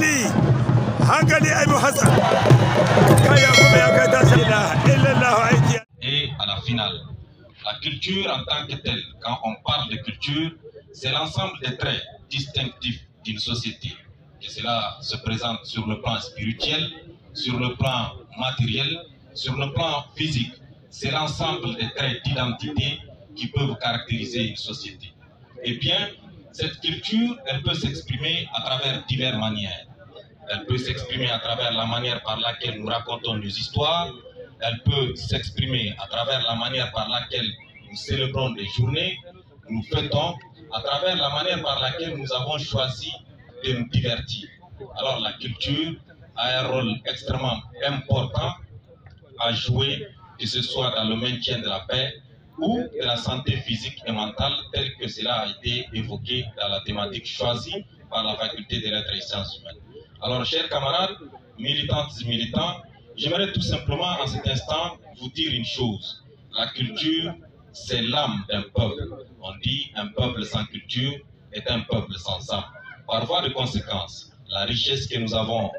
et à la finale la culture en tant que telle quand on parle de culture c'est l'ensemble des traits distinctifs d'une société et cela se présente sur le plan spirituel sur le plan matériel sur le plan physique c'est l'ensemble des traits d'identité qui peuvent caractériser une société. Eh bien, cette culture, elle peut s'exprimer à travers diverses manières. Elle peut s'exprimer à travers la manière par laquelle nous racontons nos histoires. Elle peut s'exprimer à travers la manière par laquelle nous célébrons des journées, nous fêtons, à travers la manière par laquelle nous avons choisi de nous divertir. Alors la culture a un rôle extrêmement important à jouer, que ce soit dans le maintien de la paix, ou de la santé physique et mentale telle que cela a été évoqué dans la thématique choisie par la faculté des lettres et sciences Alors, chers camarades, militantes et militants, j'aimerais tout simplement en cet instant vous dire une chose. La culture, c'est l'âme d'un peuple. On dit un peuple sans culture est un peuple sans âme. Par voie de conséquence, la richesse que nous avons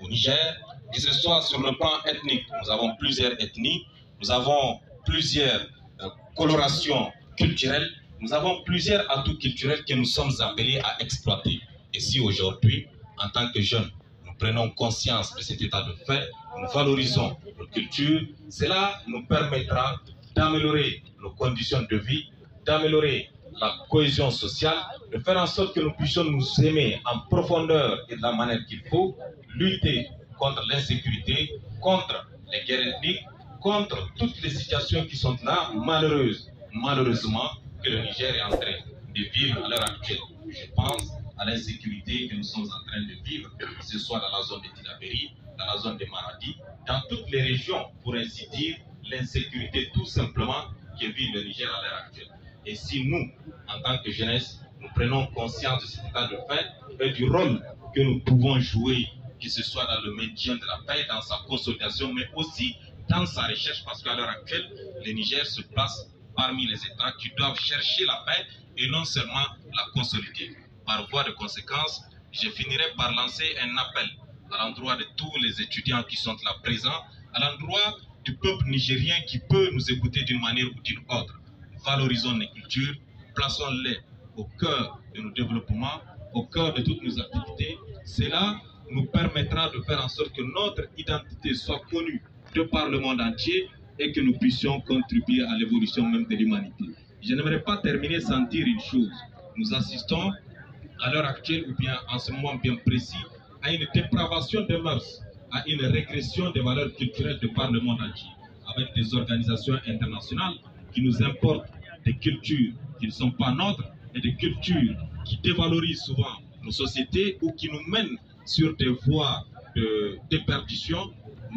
au Niger, que ce soit sur le plan ethnique, nous avons plusieurs ethnies, nous avons plusieurs euh, coloration culturelle, nous avons plusieurs atouts culturels que nous sommes appelés à exploiter. Et si aujourd'hui, en tant que jeunes, nous prenons conscience de cet état de fait, nous valorisons notre culture, cela nous permettra d'améliorer nos conditions de vie, d'améliorer la cohésion sociale, de faire en sorte que nous puissions nous aimer en profondeur et de la manière qu'il faut, lutter contre l'insécurité, contre les guerres ethniques, contre toutes les situations qui sont là, malheureuses. Malheureusement, que le Niger est en train de vivre à l'heure actuelle. Je pense à l'insécurité que nous sommes en train de vivre, que ce soit dans la zone de Tilaberi, dans la zone de Maradi, dans toutes les régions, pour ainsi dire, l'insécurité tout simplement que vit le Niger à l'heure actuelle. Et si nous, en tant que jeunesse, nous prenons conscience de cet état de fait et du rôle que nous pouvons jouer, que ce soit dans le maintien de la paix, dans sa consolidation, mais aussi dans sa recherche parce qu'à l'heure actuelle, le Niger se place parmi les États qui doivent chercher la paix et non seulement la consolider. Par voie de conséquence, je finirai par lancer un appel à l'endroit de tous les étudiants qui sont là présents, à l'endroit du peuple nigérien qui peut nous écouter d'une manière ou d'une autre. Valorisons les cultures, plaçons-les au cœur de nos développements, au cœur de toutes nos activités. Cela nous permettra de faire en sorte que notre identité soit connue de par le monde entier et que nous puissions contribuer à l'évolution même de l'humanité. Je n'aimerais pas terminer sans dire une chose. Nous assistons à l'heure actuelle ou bien en ce moment bien précis à une dépravation des mœurs, à une régression des valeurs culturelles de par le monde entier, avec des organisations internationales qui nous importent des cultures qui ne sont pas nôtres et des cultures qui dévalorisent souvent nos sociétés ou qui nous mènent sur des voies de déperdition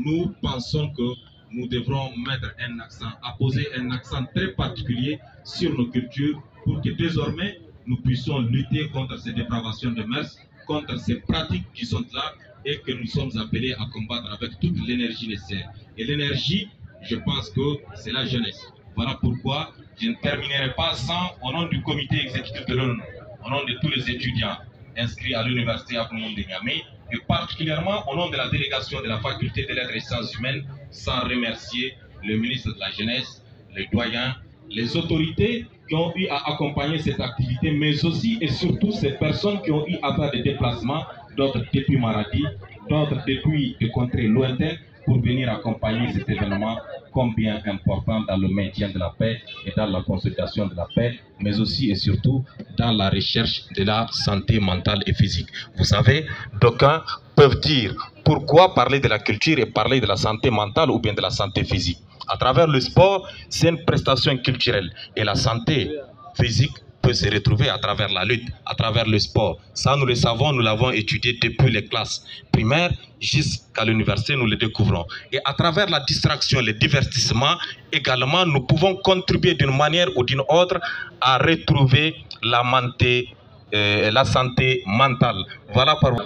nous pensons que nous devrons mettre un accent, apposer un accent très particulier sur nos cultures pour que désormais nous puissions lutter contre ces dépravations de mœurs, contre ces pratiques qui sont là et que nous sommes appelés à combattre avec toute l'énergie nécessaire. Et l'énergie, je pense que c'est la jeunesse. Voilà pourquoi je ne terminerai pas sans, au nom du comité exécutif de l'ONU, au nom de tous les étudiants, inscrits à l'université Apollon de Niamey, et particulièrement au nom de la délégation de la faculté des lettres et sciences humaines, sans remercier le ministre de la Jeunesse, les doyens, les autorités qui ont eu à accompagner cette activité, mais aussi et surtout ces personnes qui ont eu à faire des déplacements, d'autres depuis Maradi, d'autres depuis des contrées lointaines, pour venir accompagner cet événement combien important dans le maintien de la paix et dans la consolidation de la paix, mais aussi et surtout dans la recherche de la santé mentale et physique. Vous savez, d'aucuns peuvent dire pourquoi parler de la culture et parler de la santé mentale ou bien de la santé physique. À travers le sport, c'est une prestation culturelle et la santé physique peut se retrouver à travers la lutte, à travers le sport. Ça, nous le savons, nous l'avons étudié depuis les classes primaires jusqu'à l'université, nous le découvrons. Et à travers la distraction, le divertissement, également, nous pouvons contribuer d'une manière ou d'une autre à retrouver la, euh, la santé mentale. Voilà par où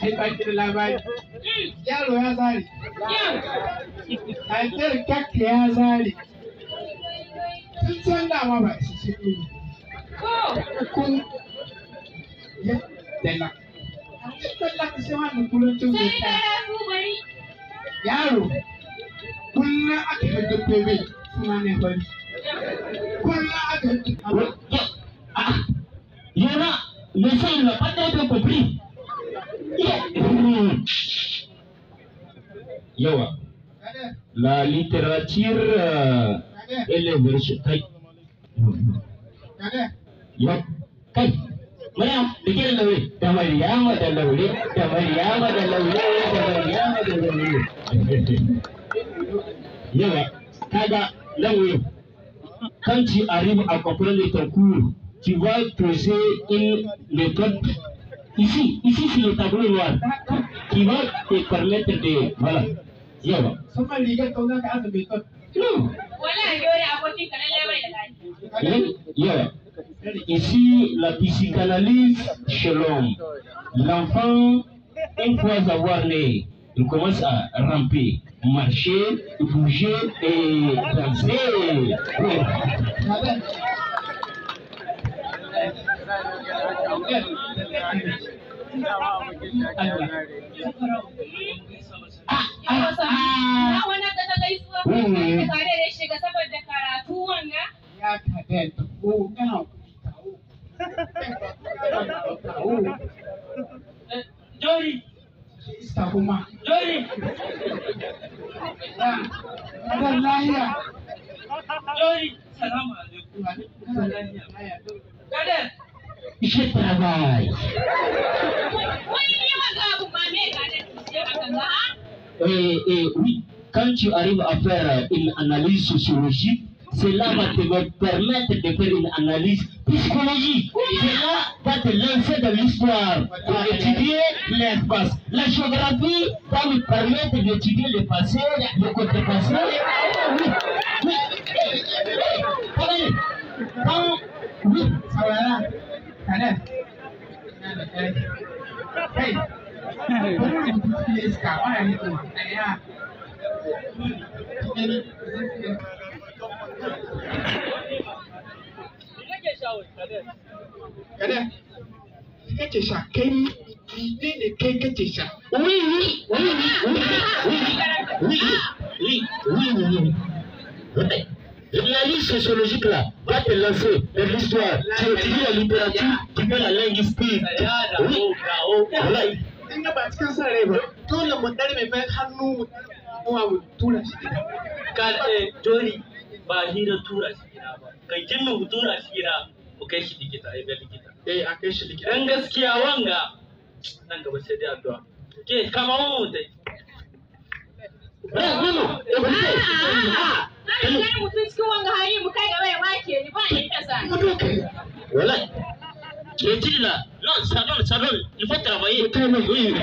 sai labari yaro ya zari aljar kakka ya zari tun can dama ba isa shi ne kun ya dala dala ka tun ta yaro kullum aka yi bai suna ne bari kullum aka yi yawa la littérature et euh, les versions kai ya kai maya da ke da maryama da laure da maryama da laure da maryama da laure yawa kaga laure quand tu arrives à comprendre ton cours, tu vas poser une méthode ici, ici sur le tableau noir, qui va te permettre de, voilà, Ici, la psychanalyse chez l'homme. L'enfant, une fois avoir né, il commence à ramper, marcher, bouger et danser. yan ah, wasa ah. na wannan da ta gaisuwa da hmm. tare da shiga saboda karatu ya Jori. Ah, Jori. Salamu alaikum. Kada. Ishe ta et, eh, eh, oui, quand tu arrives à faire une analyse sociologique, cela va te permettre de faire une analyse psychologique. Cela va te lancer dans l'histoire pour étudier l'espace. La géographie va nous permettre d'étudier le passé, le côté passé Oui, oui. oui, ça va iska ba ya nufin ɗaya kada kake sha kai ne ne sociologique là va te lancer dans l'histoire. Tu étudies la littérature, tu mets la linguistique. Oui, voilà. in ba cikin sa rai ba dole mu ɗarme mai hannu mu kuma mu tura shi gida ka eh jori ba hira tura shi gida ba kai kinnu mu tura shi gida mu kai shi likita ai ga likita eh a kai shi likita dan gaskiya wanga nan gaba sai dai addu'a ke kama mu dai Ba gudu, da ba ne. Zan yi ah, ah, ah, mutum cikin wanga hali mu kai gaba ya make ni ba inda sa. Wallahi. Ke jilla. Non, ça donne, ça Il faut travailler.